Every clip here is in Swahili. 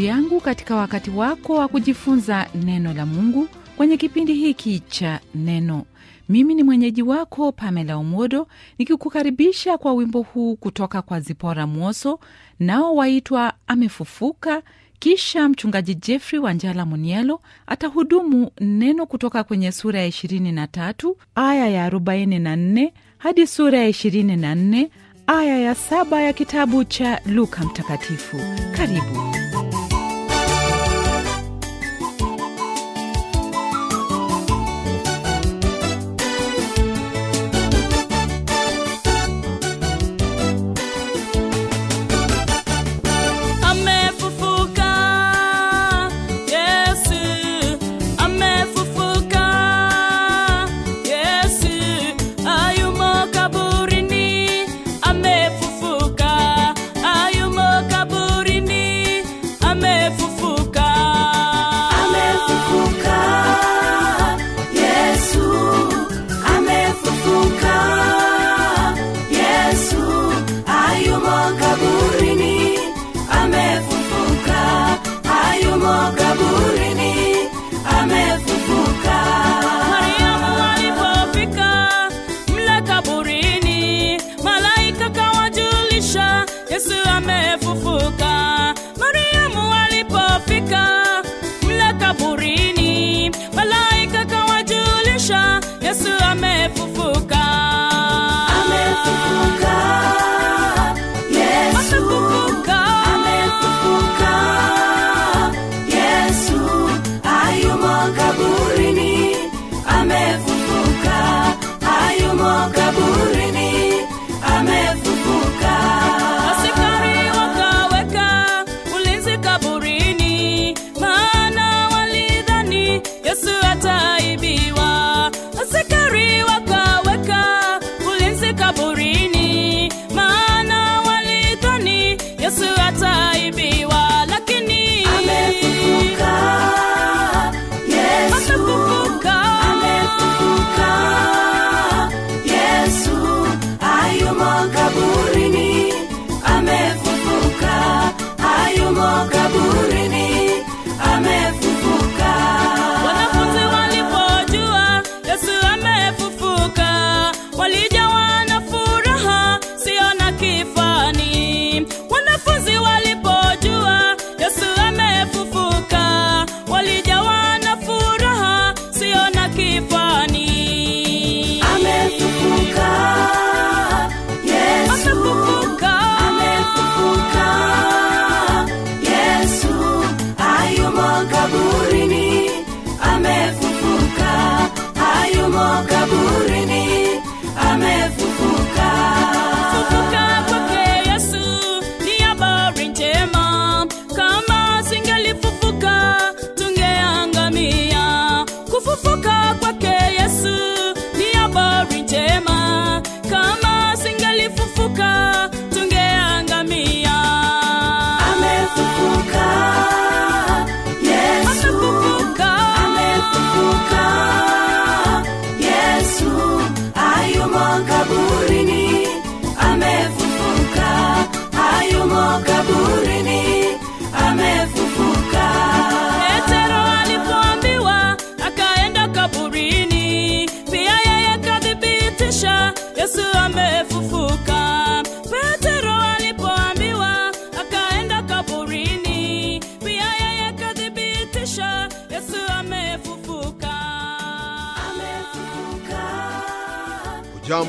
ndugu yangu katika wakati wako wa kujifunza neno la Mungu kwenye kipindi hiki cha Neno. Mimi ni mwenyeji wako Pamela Umodo nikikukaribisha kwa wimbo huu kutoka kwa Zipora Mwoso, nao waitwa Amefufuka. Kisha mchungaji Jeffrey njala Munielo atahudumu neno kutoka kwenye sura ya 23 aya ya 44 hadi sura ya 24 aya ya 7 ya kitabu cha Luka Mtakatifu. Karibu.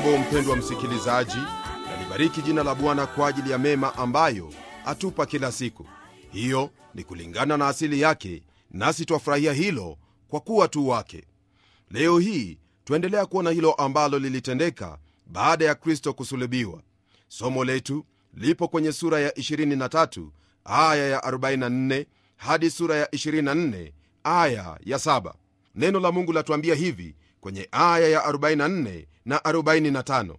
Hujambo mpendwa msikilizaji, nalibariki jina la Bwana kwa ajili ya mema ambayo atupa kila siku. Hiyo ni kulingana na asili yake, nasi twafurahia hilo kwa kuwa tu wake. Leo hii twaendelea kuona hilo ambalo lilitendeka baada ya Kristo kusulubiwa. Somo letu lipo kwenye sura ya 23 aya ya 44 hadi sura ya 24 aya ya 7. Neno la Mungu latuambia hivi kwenye aya ya 44 na 45.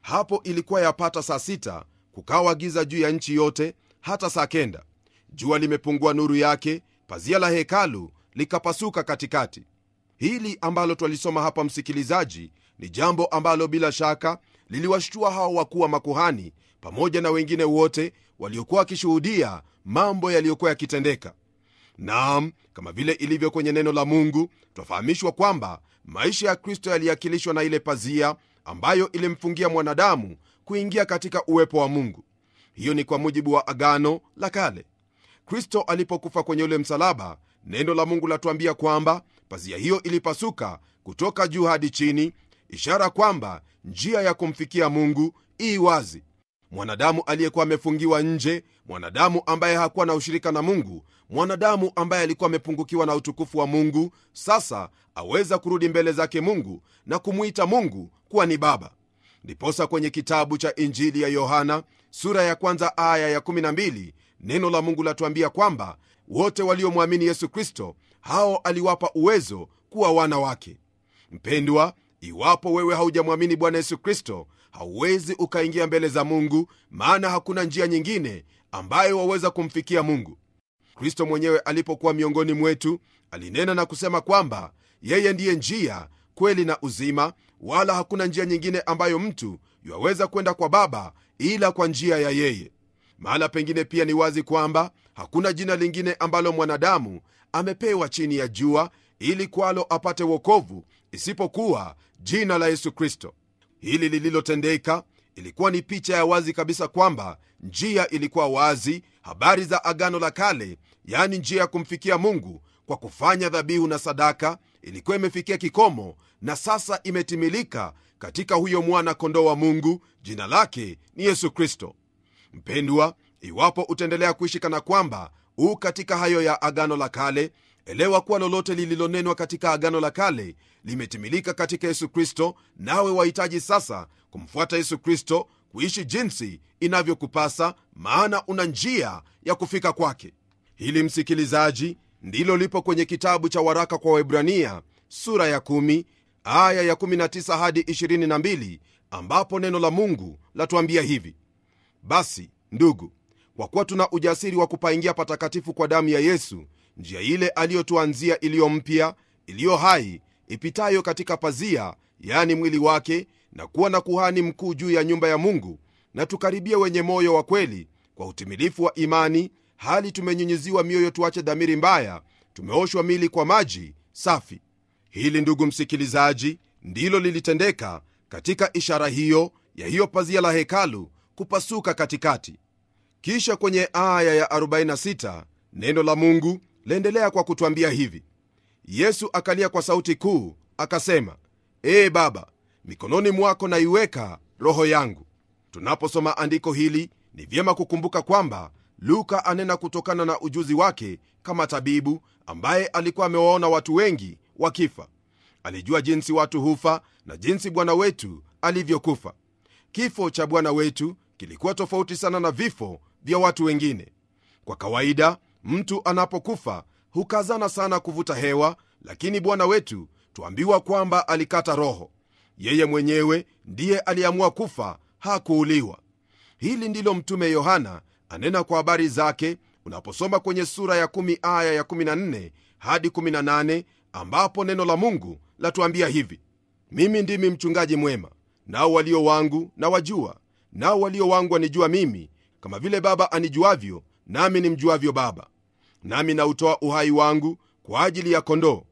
Hapo ilikuwa yapata saa sita, kukawa giza juu ya nchi yote hata saa kenda. Jua limepungua nuru yake, pazia la hekalu likapasuka katikati. Hili ambalo twalisoma hapa, msikilizaji, ni jambo ambalo bila shaka liliwashtua hao wakuu wa makuhani pamoja na wengine wote waliokuwa wakishuhudia mambo yaliyokuwa yakitendeka. Naam, kama vile ilivyo kwenye neno la Mungu, twafahamishwa kwamba maisha ya kristo yaliakilishwa na ile pazia ambayo ilimfungia mwanadamu kuingia katika uwepo wa mungu hiyo ni kwa mujibu wa agano la kale kristo alipokufa kwenye ule msalaba neno la mungu latuambia kwamba pazia hiyo ilipasuka kutoka juu hadi chini ishara kwamba njia ya kumfikia mungu ii wazi mwanadamu aliyekuwa amefungiwa nje, mwanadamu ambaye hakuwa na ushirika na Mungu, mwanadamu ambaye alikuwa amepungukiwa na utukufu wa Mungu, sasa aweza kurudi mbele zake Mungu na kumwita Mungu kuwa ni Baba. Ndiposa kwenye kitabu cha Injili ya Yohana sura ya kwanza aya ya 12 neno la Mungu latuambia kwamba wote waliomwamini Yesu Kristo hao aliwapa uwezo kuwa wana wake. Mpendwa, iwapo wewe haujamwamini Bwana Yesu Kristo, hauwezi ukaingia mbele za mungu maana hakuna njia nyingine ambayo waweza kumfikia mungu kristo mwenyewe alipokuwa miongoni mwetu alinena na kusema kwamba yeye ndiye njia kweli na uzima wala hakuna njia nyingine ambayo mtu yaweza kwenda kwa baba ila kwa njia ya yeye mahala pengine pia ni wazi kwamba hakuna jina lingine ambalo mwanadamu amepewa chini ya jua ili kwalo apate wokovu isipokuwa jina la yesu kristo hili lililotendeka ilikuwa ni picha ya wazi kabisa kwamba njia ilikuwa wazi habari za agano la kale yaani njia ya kumfikia mungu kwa kufanya dhabihu na sadaka ilikuwa imefikia kikomo na sasa imetimilika katika huyo mwana kondoo wa mungu jina lake ni yesu kristo mpendwa iwapo utaendelea kuishi kana kwamba u katika hayo ya agano la kale elewa kuwa lolote lililonenwa katika agano la kale limetimilika katika yesu kristo nawe wahitaji sasa kumfuata yesu kristo kuishi jinsi inavyokupasa maana una njia ya kufika kwake hili msikilizaji ndilo lipo kwenye kitabu cha waraka kwa waibrania sura ya 1 aya ya 19 hadi 22 ambapo neno la mungu latuambia hivi basi ndugu kwa kuwa tuna ujasiri wa kupaingia patakatifu kwa damu ya yesu njia ile aliyotuanzia iliyo mpya iliyo hai ipitayo katika pazia yani mwili wake na kuwa na kuhani mkuu juu ya nyumba ya mungu na tukaribia wenye moyo wa kweli kwa utimilifu wa imani hali tumenyunyiziwa mioyo tuache dhamiri mbaya tumeoshwa mili kwa maji safi hili ndugu msikilizaji ndilo lilitendeka katika ishara hiyo ya hiyo pazia la hekalu kupasuka katikati kisha kwenye aya ya 46 neno la mungu laendelea kwa kutwambia hivi yesu akalia kwa sauti kuu akasema ee baba mikononi mwako naiweka roho yangu tunaposoma andiko hili ni vyema kukumbuka kwamba luka anena kutokana na ujuzi wake kama tabibu ambaye alikuwa amewaona watu wengi wakifa alijua jinsi watu hufa na jinsi bwana wetu alivyokufa kifo cha bwana wetu kilikuwa tofauti sana na vifo vya watu wengine kwa kawaida mtu anapokufa hukazana sana kuvuta hewa, lakini Bwana wetu twambiwa kwamba alikata roho. Yeye mwenyewe ndiye aliamua kufa, hakuuliwa. Hili ndilo Mtume Yohana anena kwa habari zake unaposoma kwenye sura ya 10 aya ya 14 hadi 18, ambapo neno la Mungu latuambia hivi: mimi ndimi mchungaji mwema, nao walio wangu na wajua, nao walio wangu wanijua mimi, kama vile Baba anijuavyo, nami nimjuavyo Baba, nami nautoa uhai wangu kwa ajili ya kondoo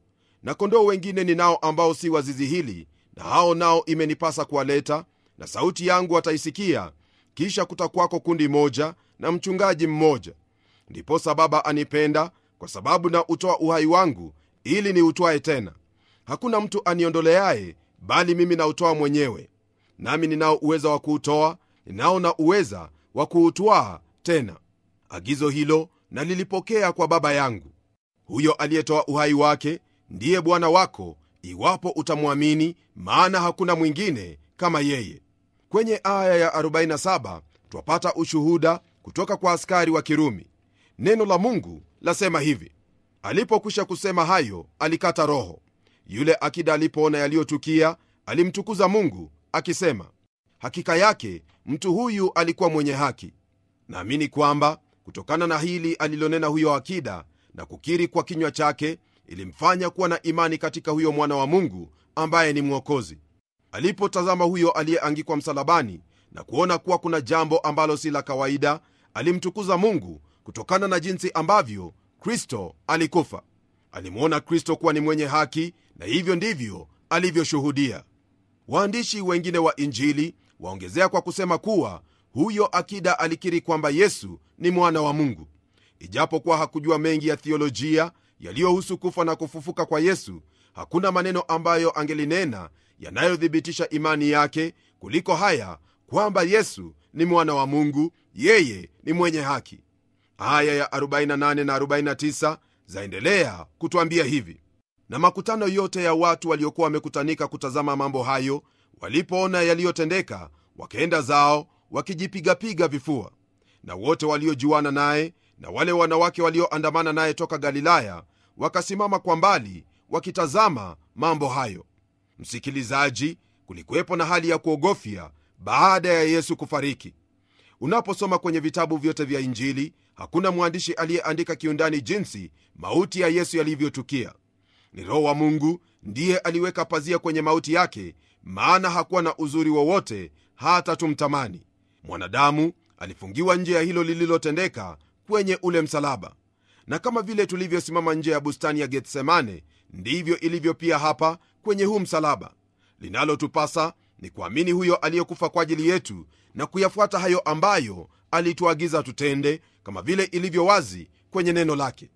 na kondoo wengine ninao ambao si wazizi hili na hao nao imenipasa kuwaleta na sauti yangu wataisikia kisha kutakwako kundi moja na mchungaji mmoja ndiposa baba anipenda kwa sababu na utoa uhai wangu ili niutwae tena hakuna mtu aniondoleaye bali mimi nautoa mwenyewe nami ninao uweza wa kuutoa ninao na uweza wa kuutwaa tena agizo hilo na lilipokea kwa baba yangu. Huyo aliyetoa uhai wake ndiye Bwana wako, iwapo utamwamini, maana hakuna mwingine kama yeye. Kwenye aya ya 47 twapata ushuhuda kutoka kwa askari wa Kirumi. Neno la Mungu lasema hivi: alipokwisha kusema hayo, alikata roho. Yule akida alipoona yaliyotukia, alimtukuza Mungu akisema, hakika yake mtu huyu alikuwa mwenye haki. Naamini kwamba kutokana na hili alilonena huyo akida na kukiri kwa kinywa chake ilimfanya kuwa na imani katika huyo mwana wa mungu ambaye ni mwokozi alipotazama huyo aliyeangikwa msalabani na kuona kuwa kuna jambo ambalo si la kawaida alimtukuza mungu kutokana na jinsi ambavyo kristo alikufa alimwona kristo kuwa ni mwenye haki na hivyo ndivyo alivyoshuhudia waandishi wengine wa injili waongezea kwa kusema kuwa huyo akida alikiri kwamba yesu ni mwana wa mungu ijapokuwa hakujua mengi ya thiolojia yaliyohusu kufa na kufufuka kwa yesu hakuna maneno ambayo angelinena yanayothibitisha imani yake kuliko haya kwamba yesu ni mwana wa mungu yeye ni mwenye haki aya ya 48 na 49 zaendelea kutwambia hivi na makutano yote ya watu waliokuwa wamekutanika kutazama mambo hayo walipoona yaliyotendeka wakaenda zao wakijipigapiga vifua na wote waliojuana naye na wale wanawake walioandamana naye toka galilaya wakasimama kwa mbali wakitazama mambo hayo msikilizaji kulikuwepo na hali ya kuogofya baada ya yesu kufariki unaposoma kwenye vitabu vyote vya injili hakuna mwandishi aliyeandika kiundani jinsi mauti ya yesu yalivyotukia ni roho wa mungu ndiye aliweka pazia kwenye mauti yake maana hakuwa na uzuri wowote hata tumtamani mwanadamu alifungiwa nje ya hilo lililotendeka kwenye ule msalaba na kama vile tulivyosimama nje ya bustani ya getsemane ndivyo ilivyo pia hapa kwenye huu msalaba linalotupasa ni kuamini huyo aliyekufa kwa ajili yetu na kuyafuata hayo ambayo alituagiza tutende kama vile ilivyo wazi kwenye neno lake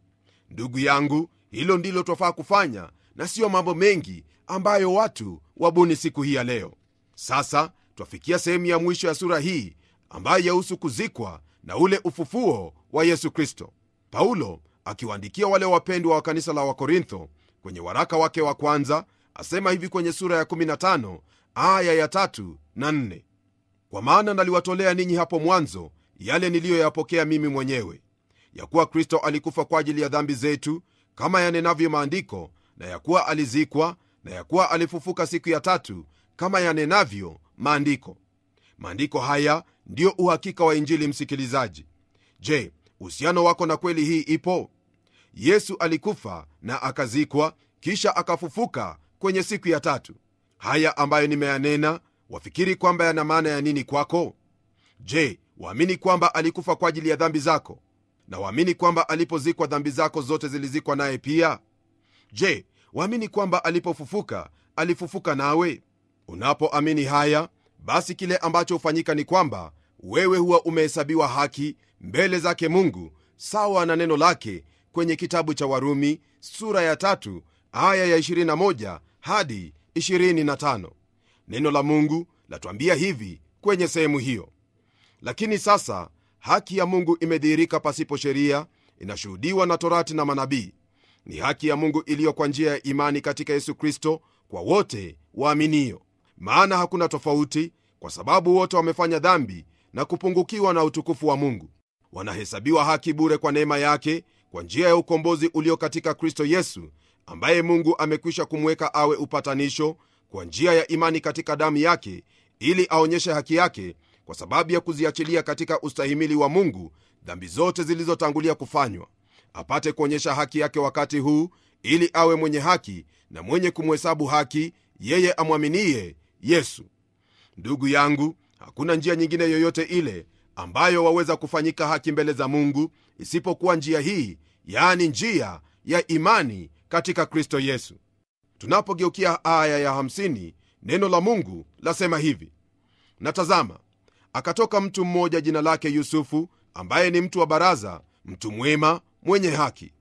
ndugu yangu hilo ndilo twafaa kufanya na siyo mambo mengi ambayo watu wabuni siku hii ya leo sasa twafikia sehemu ya mwisho ya sura hii ambaye yahusu kuzikwa na ule ufufuo wa Yesu Kristo. Paulo akiwaandikia wale wapendwa wa kanisa la Wakorintho kwenye waraka wake wa kwanza asema hivi kwenye sura ya 15 aya ya tatu na nne. kwa maana naliwatolea ninyi hapo mwanzo yale niliyoyapokea mimi mwenyewe, ya kuwa Kristo alikufa kwa ajili ya dhambi zetu kama yanenavyo maandiko, na ya kuwa alizikwa, na ya kuwa alifufuka siku ya tatu kama yanenavyo maandiko. Maandiko haya ndio uhakika wa Injili. Msikilizaji, je, uhusiano wako na kweli hii ipo? Yesu alikufa na akazikwa, kisha akafufuka kwenye siku ya tatu. Haya ambayo nimeyanena, wafikiri kwamba yana maana ya nini kwako? Je, waamini kwamba alikufa kwa ajili ya dhambi zako, na waamini kwamba alipozikwa dhambi zako zote zilizikwa naye pia? Je, waamini kwamba alipofufuka alifufuka nawe? Unapoamini haya, basi kile ambacho hufanyika ni kwamba wewe huwa umehesabiwa haki mbele zake mungu sawa na neno lake kwenye kitabu cha warumi sura ya tatu aya ya 21 hadi 25 neno la mungu latuambia hivi kwenye sehemu hiyo lakini sasa haki ya mungu imedhihirika pasipo sheria inashuhudiwa na torati na manabii ni haki ya mungu iliyo kwa njia ya imani katika yesu kristo kwa wote waaminio maana hakuna tofauti kwa sababu wote wamefanya dhambi na kupungukiwa na utukufu wa Mungu. Wanahesabiwa haki bure kwa neema yake kwa njia ya ukombozi ulio katika Kristo Yesu, ambaye Mungu amekwisha kumweka awe upatanisho kwa njia ya imani katika damu yake, ili aonyeshe haki yake kwa sababu ya kuziachilia katika ustahimili wa Mungu dhambi zote zilizotangulia kufanywa, apate kuonyesha haki yake wakati huu, ili awe mwenye haki na mwenye kumhesabu haki yeye amwaminiye Yesu. Ndugu yangu, hakuna njia nyingine yoyote ile ambayo waweza kufanyika haki mbele za mungu isipokuwa njia hii yaani njia ya imani katika kristo yesu tunapogeukia aya ya 50 neno la mungu lasema hivi natazama akatoka mtu mmoja jina lake yusufu ambaye ni mtu wa baraza mtu mwema mwenye haki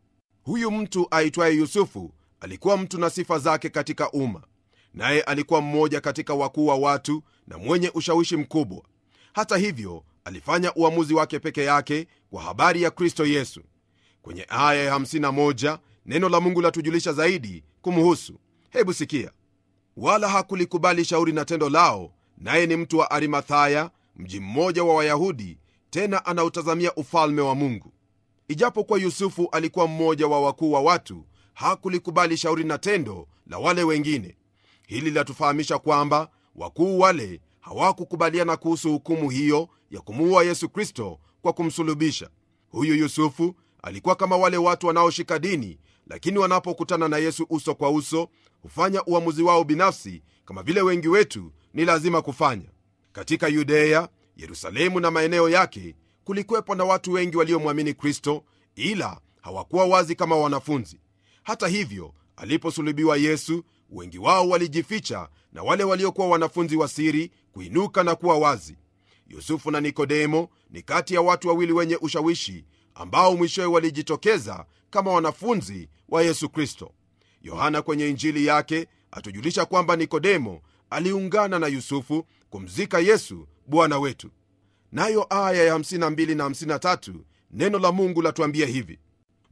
huyu mtu aitwaye yusufu alikuwa mtu na sifa zake katika umma naye alikuwa mmoja katika wakuu wa watu na mwenye ushawishi mkubwa. Hata hivyo, alifanya uamuzi wake peke yake kwa habari ya Kristo Yesu. Kwenye aya ya 51 neno la Mungu latujulisha zaidi kumhusu. Hebu sikia: wala hakulikubali shauri na tendo lao, naye ni mtu wa Arimathaya, mji mmoja wa Wayahudi, tena anautazamia ufalme wa Mungu. Ijapokuwa Yusufu alikuwa mmoja wa wakuu wa watu, hakulikubali shauri na tendo la wale wengine. Hili linatufahamisha kwamba wakuu wale hawakukubaliana kuhusu hukumu hiyo ya kumuua Yesu Kristo kwa kumsulubisha. Huyu Yusufu alikuwa kama wale watu wanaoshika dini, lakini wanapokutana na Yesu uso kwa uso hufanya uamuzi wao binafsi, kama vile wengi wetu ni lazima kufanya. Katika Yudeya, Yerusalemu na maeneo yake kulikuwepo na watu wengi waliomwamini Kristo, ila hawakuwa wazi kama wanafunzi. Hata hivyo, aliposulubiwa Yesu wengi wao walijificha na wale waliokuwa wanafunzi wa siri kuinuka na kuwa wazi yusufu na nikodemo ni kati ya watu wawili wenye ushawishi ambao mwishowe walijitokeza kama wanafunzi wa yesu kristo yohana kwenye injili yake atujulisha kwamba nikodemo aliungana na yusufu kumzika yesu bwana wetu nayo aya ya 52 na 53 neno la mungu latuambia hivi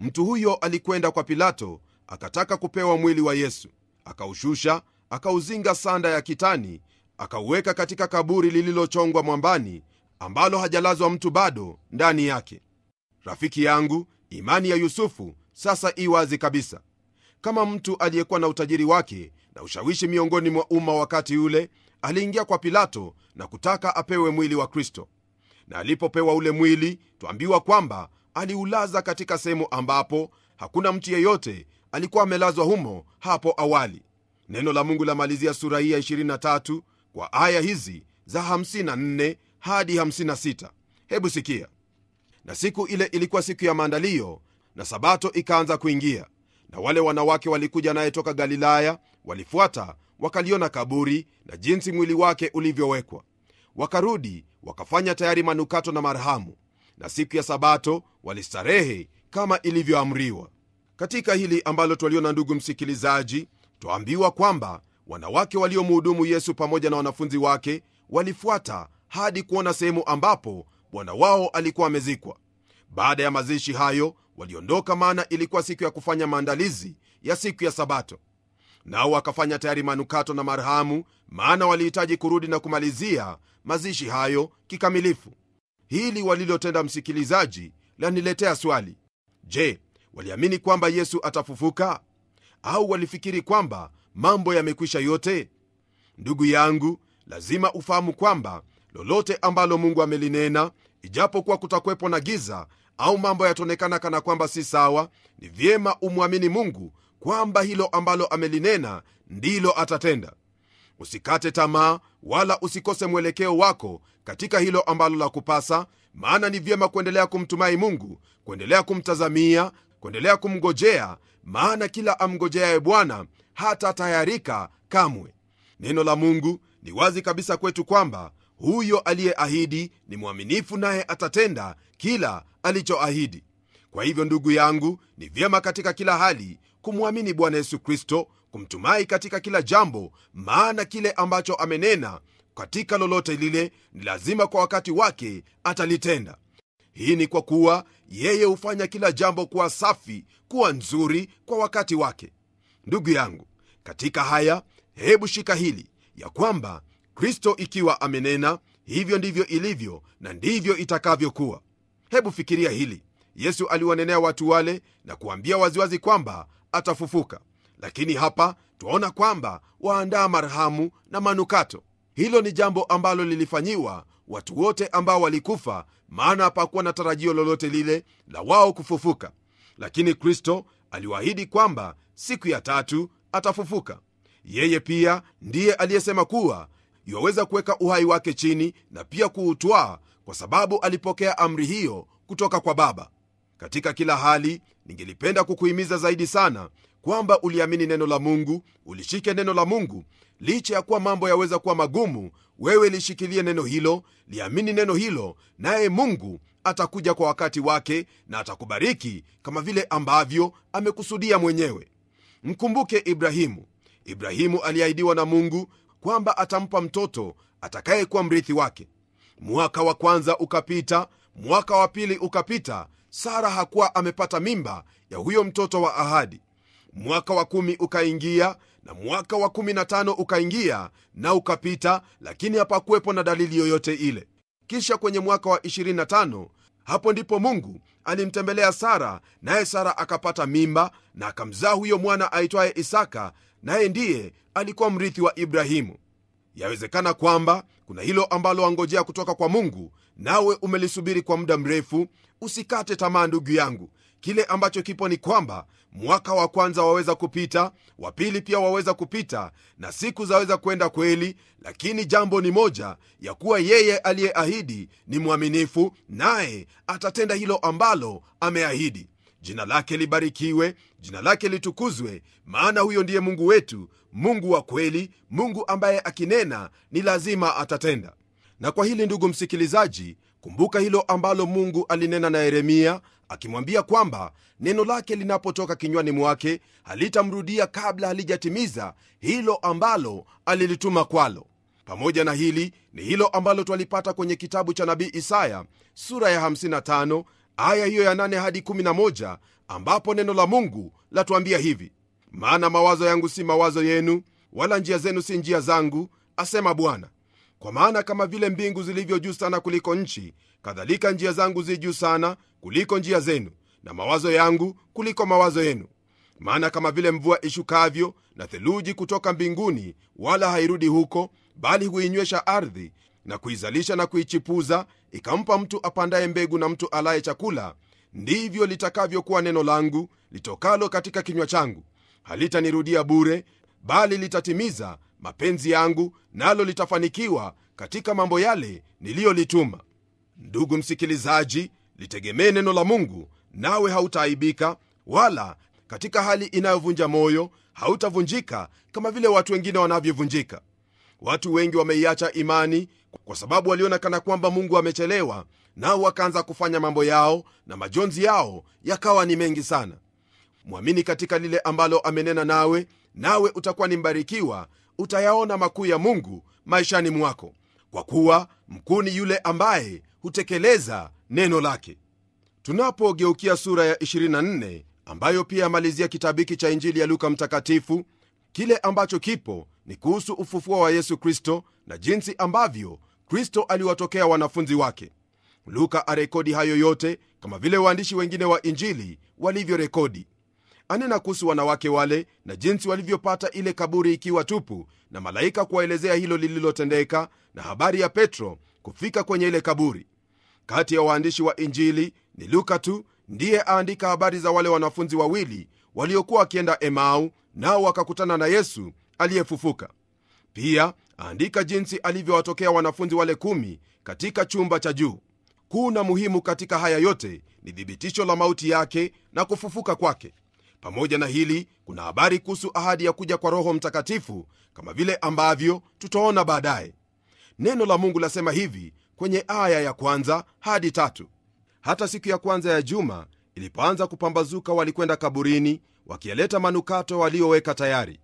mtu huyo alikwenda kwa pilato akataka kupewa mwili wa yesu akaushusha akauzinga sanda ya kitani akauweka katika kaburi lililochongwa mwambani ambalo hajalazwa mtu bado ndani yake rafiki yangu imani ya yusufu sasa i wazi kabisa kama mtu aliyekuwa na utajiri wake na ushawishi miongoni mwa umma wakati ule aliingia kwa pilato na kutaka apewe mwili wa kristo na alipopewa ule mwili twambiwa kwamba aliulaza katika sehemu ambapo hakuna mtu yeyote alikuwa amelazwa humo hapo awali neno la mungu malizia sura hii ya 23 kwa aya hizi za 54 hadi 56 hebu sikia na siku ile ilikuwa siku ya maandalio na sabato ikaanza kuingia na wale wanawake walikuja naye toka galilaya walifuata wakaliona kaburi na jinsi mwili wake ulivyowekwa wakarudi wakafanya tayari manukato na marhamu na siku ya sabato walistarehe kama ilivyoamriwa katika hili ambalo twaliona ndugu msikilizaji twaambiwa kwamba wanawake waliomhudumu yesu pamoja na wanafunzi wake walifuata hadi kuona sehemu ambapo bwana wao alikuwa amezikwa baada ya mazishi hayo waliondoka maana ilikuwa siku ya kufanya maandalizi ya siku ya sabato nao wakafanya tayari manukato na marhamu maana walihitaji kurudi na kumalizia mazishi hayo kikamilifu hili walilotenda msikilizaji laniletea swali je waliamini kwamba yesu atafufuka au walifikiri kwamba mambo yamekwisha yote ndugu yangu lazima ufahamu kwamba lolote ambalo mungu amelinena ijapokuwa kutakwepo na giza au mambo yataonekana kana kwamba si sawa ni vyema umwamini mungu kwamba hilo ambalo amelinena ndilo atatenda usikate tamaa wala usikose mwelekeo wako katika hilo ambalo la kupasa maana ni vyema kuendelea kumtumai mungu kuendelea kumtazamia kuendelea kumngojea, maana kila amngojeaye Bwana hata tayarika kamwe. Neno la Mungu ni wazi kabisa kwetu kwamba huyo aliyeahidi ni mwaminifu, naye atatenda kila alichoahidi. Kwa hivyo, ndugu yangu, ni vyema katika kila hali kumwamini Bwana Yesu Kristo, kumtumai katika kila jambo, maana kile ambacho amenena katika lolote lile, ni lazima kwa wakati wake atalitenda hii ni kwa kuwa yeye hufanya kila jambo kuwa safi kuwa nzuri kwa wakati wake ndugu yangu katika haya hebu shika hili ya kwamba kristo ikiwa amenena hivyo ndivyo ilivyo na ndivyo itakavyokuwa hebu fikiria hili yesu aliwanenea watu wale na kuambia waziwazi kwamba atafufuka lakini hapa twaona kwamba waandaa marhamu na manukato hilo ni jambo ambalo lilifanyiwa watu wote ambao walikufa maana hapakuwa na tarajio lolote lile la wao kufufuka lakini kristo aliwaahidi kwamba siku ya tatu atafufuka yeye pia ndiye aliyesema kuwa iwaweza kuweka uhai wake chini na pia kuutwaa kwa sababu alipokea amri hiyo kutoka kwa baba katika kila hali ningelipenda kukuhimiza zaidi sana kwamba uliamini neno la mungu ulishike neno la mungu licha ya kuwa mambo yaweza kuwa magumu wewe lishikilie neno hilo liamini neno hilo naye mungu atakuja kwa wakati wake na atakubariki kama vile ambavyo amekusudia mwenyewe mkumbuke ibrahimu ibrahimu aliahidiwa na mungu kwamba atampa mtoto atakayekuwa mrithi wake mwaka wa kwanza ukapita mwaka wa pili ukapita sara hakuwa amepata mimba ya huyo mtoto wa ahadi mwaka wa kumi ukaingia na mwaka wa 15 ukaingia na ukapita, lakini hapakuwepo na dalili yoyote ile. Kisha kwenye mwaka wa 25 hapo ndipo Mungu alimtembelea Sara, naye Sara akapata mimba na akamzaa huyo mwana aitwaye Isaka, naye ndiye alikuwa mrithi wa Ibrahimu. Yawezekana kwamba kuna hilo ambalo wangojea kutoka kwa Mungu, nawe umelisubiri kwa muda mrefu. Usikate tamaa, ndugu yangu kile ambacho kipo ni kwamba mwaka wa kwanza waweza kupita, wa pili pia waweza kupita, na siku zaweza kwenda kweli, lakini jambo ni moja ya kuwa yeye aliyeahidi ni mwaminifu, naye atatenda hilo ambalo ameahidi. Jina lake libarikiwe, jina lake litukuzwe, maana huyo ndiye Mungu wetu, Mungu wa kweli, Mungu ambaye akinena ni lazima atatenda. Na kwa hili, ndugu msikilizaji, kumbuka hilo ambalo Mungu alinena na Yeremia akimwambia kwamba neno lake linapotoka kinywani mwake halitamrudia kabla halijatimiza hilo ambalo alilituma kwalo. Pamoja na hili ni hilo ambalo twalipata kwenye kitabu cha nabii Isaya sura ya 55 aya hiyo ya 8 hadi 11, ambapo neno la Mungu latuambia hivi: maana mawazo yangu si mawazo yenu, wala njia zenu si njia zangu, asema Bwana. Kwa maana kama vile mbingu zilivyo juu sana kuliko nchi, kadhalika njia zangu zi juu sana kuliko njia zenu, na mawazo yangu kuliko mawazo yenu. Maana kama vile mvua ishukavyo na theluji kutoka mbinguni, wala hairudi huko, bali huinywesha ardhi na kuizalisha na kuichipuza, ikampa mtu apandaye mbegu na mtu alaye chakula, ndivyo litakavyokuwa neno langu litokalo katika kinywa changu. Halitanirudia bure, bali litatimiza mapenzi yangu, nalo litafanikiwa katika mambo yale niliyolituma. Ndugu msikilizaji, litegemee neno la mungu nawe hautaaibika wala katika hali inayovunja moyo hautavunjika kama vile watu wengine wanavyovunjika watu wengi wameiacha imani kwa sababu waliona kana kwamba mungu amechelewa nao wakaanza kufanya mambo yao na majonzi yao yakawa ni mengi sana mwamini katika lile ambalo amenena nawe nawe utakuwa ni mbarikiwa utayaona makuu ya mungu maishani mwako kwa kuwa mkuu ni yule ambaye hutekeleza neno lake tunapogeukia sura ya 24 ambayo pia amalizia kitabu hiki cha injili ya luka mtakatifu kile ambacho kipo ni kuhusu ufufuo wa yesu kristo na jinsi ambavyo kristo aliwatokea wanafunzi wake luka arekodi hayo yote kama vile waandishi wengine wa injili walivyorekodi anena kuhusu wanawake wale na jinsi walivyopata ile kaburi ikiwa tupu na malaika kuwaelezea hilo lililotendeka na habari ya petro kufika kwenye ile kaburi kati ya waandishi wa injili ni luka tu ndiye aandika habari za wale wanafunzi wawili waliokuwa wakienda emau nao wakakutana na yesu aliyefufuka pia aandika jinsi alivyowatokea wanafunzi wale kumi katika chumba cha juu kuu na muhimu katika haya yote ni thibitisho la mauti yake na kufufuka kwake pamoja na hili kuna habari kuhusu ahadi ya kuja kwa roho mtakatifu kama vile ambavyo tutaona baadaye neno la mungu lasema hivi kwenye aya ya kwanza hadi tatu hata siku ya kwanza ya juma ilipoanza kupambazuka walikwenda kaburini wakiyaleta manukato walioweka tayari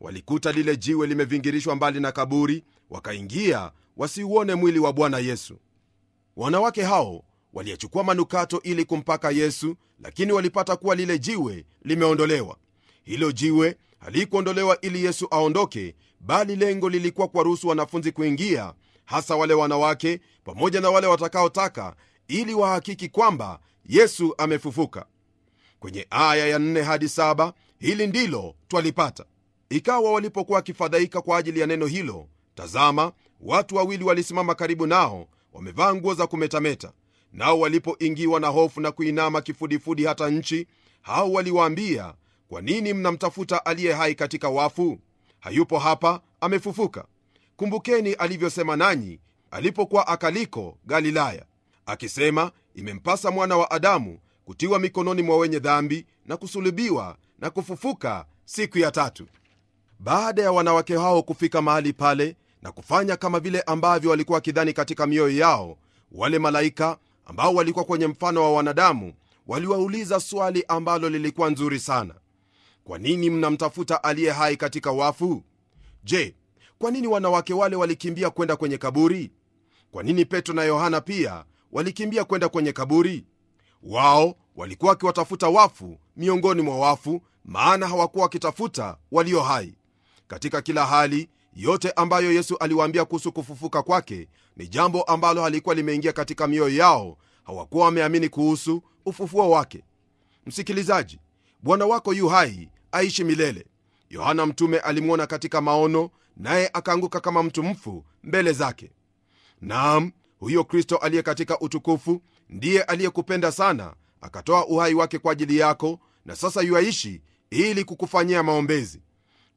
walikuta lile jiwe limevingirishwa mbali na kaburi wakaingia wasiuone mwili wa bwana yesu wanawake hao waliyachukua manukato ili kumpaka yesu lakini walipata kuwa lile jiwe limeondolewa hilo jiwe halikuondolewa ili yesu aondoke bali lengo lilikuwa kuwaruhusu wanafunzi kuingia hasa wale wanawake pamoja na wale watakaotaka ili wahakiki kwamba yesu amefufuka kwenye aya ya nne hadi 7 hili ndilo twalipata ikawa walipokuwa wakifadhaika kwa ajili ya neno hilo tazama watu wawili walisimama karibu nao wamevaa nguo za kumetameta nao walipoingiwa na hofu na kuinama kifudifudi hata nchi hao waliwaambia kwa nini mnamtafuta aliye hai katika wafu hayupo hapa amefufuka kumbukeni alivyosema nanyi alipokuwa akaliko galilaya akisema imempasa mwana wa adamu kutiwa mikononi mwa wenye dhambi na kusulubiwa na kufufuka siku ya tatu baada ya wanawake hao kufika mahali pale na kufanya kama vile ambavyo walikuwa wakidhani katika mioyo yao wale malaika ambao walikuwa kwenye mfano wa wanadamu waliwauliza swali ambalo lilikuwa nzuri sana kwa nini mnamtafuta aliye hai katika wafu je kwa nini wanawake wale walikimbia kwenda kwenye kaburi? Kwa nini Petro na Yohana pia walikimbia kwenda kwenye kaburi? Wao walikuwa wakiwatafuta wafu miongoni mwa wafu, maana hawakuwa wakitafuta walio hai. Katika kila hali, yote ambayo Yesu aliwaambia kuhusu kufufuka kwake ni jambo ambalo halikuwa limeingia katika mioyo yao. Hawakuwa wameamini kuhusu ufufuo wake. Msikilizaji, Bwana wako yu hai, aishi milele. Yohana Mtume alimwona katika maono, naye akaanguka kama mtu mfu mbele zake. Naam, huyo Kristo aliye katika utukufu ndiye aliyekupenda sana, akatoa uhai wake kwa ajili yako, na sasa yuaishi ili kukufanyia maombezi.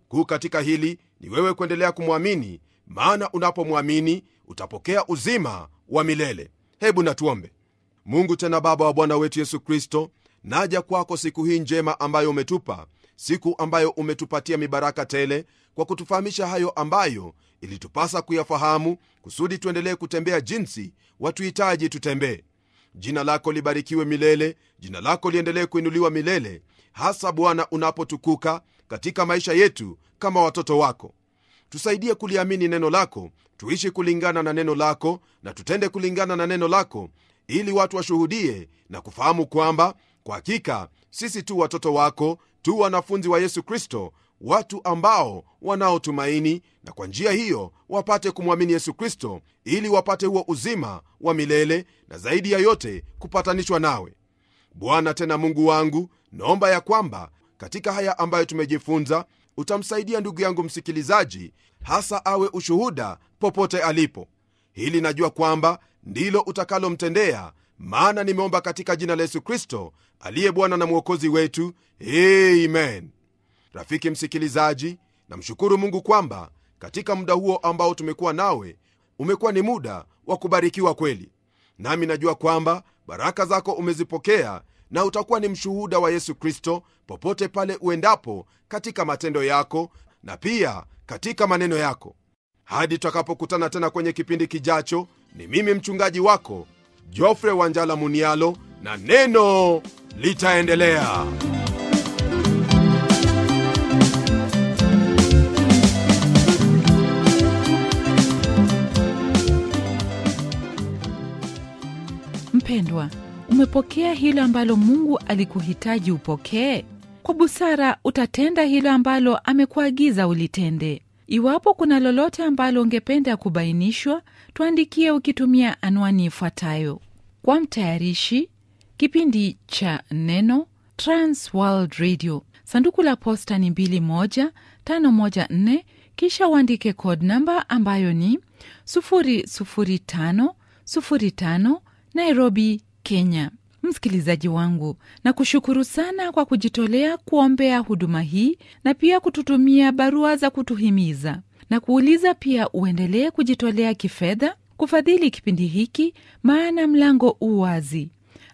Kuu katika hili ni wewe kuendelea kumwamini, maana unapomwamini utapokea uzima wa milele. Hebu natuombe. Mungu tena Baba wa Bwana wetu Yesu Kristo, naja kwako siku hii njema ambayo umetupa siku ambayo umetupatia mibaraka tele kwa kutufahamisha hayo ambayo ilitupasa kuyafahamu kusudi tuendelee kutembea jinsi watuhitaji tutembee jina lako libarikiwe milele jina lako liendelee kuinuliwa milele hasa bwana unapotukuka katika maisha yetu kama watoto wako tusaidie kuliamini neno lako tuishi kulingana na neno lako na tutende kulingana na neno lako ili watu washuhudie na kufahamu kwamba kwa hakika sisi tu watoto wako tu wanafunzi wa Yesu Kristo, watu ambao wanaotumaini na kwa njia hiyo wapate kumwamini Yesu Kristo ili wapate huo uzima wa milele na zaidi ya yote kupatanishwa nawe Bwana. Tena Mungu wangu, naomba ya kwamba katika haya ambayo tumejifunza utamsaidia ndugu yangu msikilizaji, hasa awe ushuhuda popote alipo. Hili najua kwamba ndilo utakalomtendea maana nimeomba katika jina la Yesu Kristo aliye Bwana na Mwokozi wetu, amen. Rafiki msikilizaji, namshukuru Mungu kwamba katika muda huo ambao tumekuwa nawe umekuwa ni muda wa kubarikiwa kweli, nami najua kwamba baraka zako umezipokea na utakuwa ni mshuhuda wa Yesu Kristo popote pale uendapo, katika matendo yako na pia katika maneno yako. Hadi tutakapokutana tena kwenye kipindi kijacho, ni mimi mchungaji wako Jofre Wanjala Munialo, na neno litaendelea. Mpendwa, umepokea hilo ambalo Mungu alikuhitaji upokee? Kwa busara utatenda hilo ambalo amekuagiza ulitende. Iwapo kuna lolote ambalo ungependa kubainishwa, tuandikie ukitumia anwani ifuatayo: kwa mtayarishi kipindi cha Neno, Trans World Radio, sanduku la posta ni 21514, kisha uandike code namba ambayo ni 00505 Nairobi, Kenya. Msikilizaji wangu, nakushukuru sana kwa kujitolea kuombea huduma hii na pia kututumia barua za kutuhimiza na kuuliza pia uendelee kujitolea kifedha kufadhili kipindi hiki, maana mlango u wazi.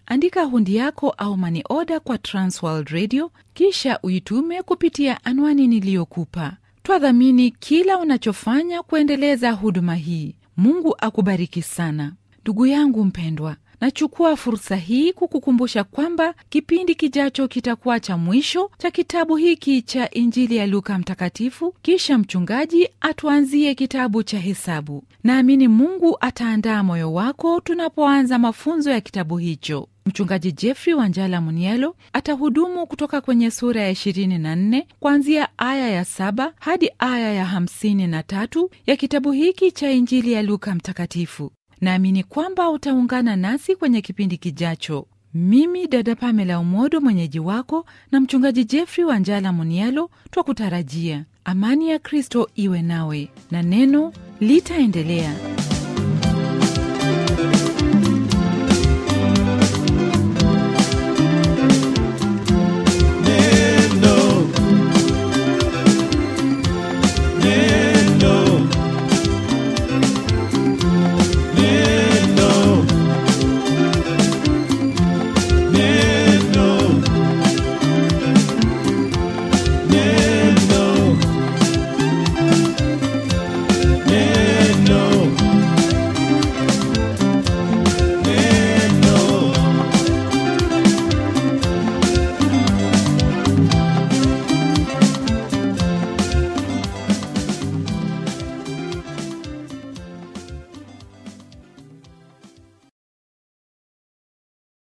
Andika hundi yako au mani oda kwa Transworld Radio kisha uitume kupitia anwani niliyokupa. Twadhamini kila unachofanya kuendeleza huduma hii. Mungu akubariki sana ndugu yangu mpendwa. Nachukua fursa hii kukukumbusha kwamba kipindi kijacho kitakuwa cha mwisho cha kitabu hiki cha Injili ya Luka Mtakatifu, kisha mchungaji atuanzie kitabu cha Hesabu. Naamini Mungu ataandaa moyo wako tunapoanza mafunzo ya kitabu hicho. Mchungaji Jeffrey Wanjala Munielo atahudumu kutoka kwenye sura ya 24 kuanzia aya ya saba hadi aya ya 53 ya kitabu hiki cha Injili ya Luka Mtakatifu. Naamini kwamba utaungana nasi kwenye kipindi kijacho. Mimi dada Pamela Umodo, mwenyeji wako na mchungaji Jeffrey njala Munialo, twakutarajia amani ya Kristo iwe nawe na neno litaendelea.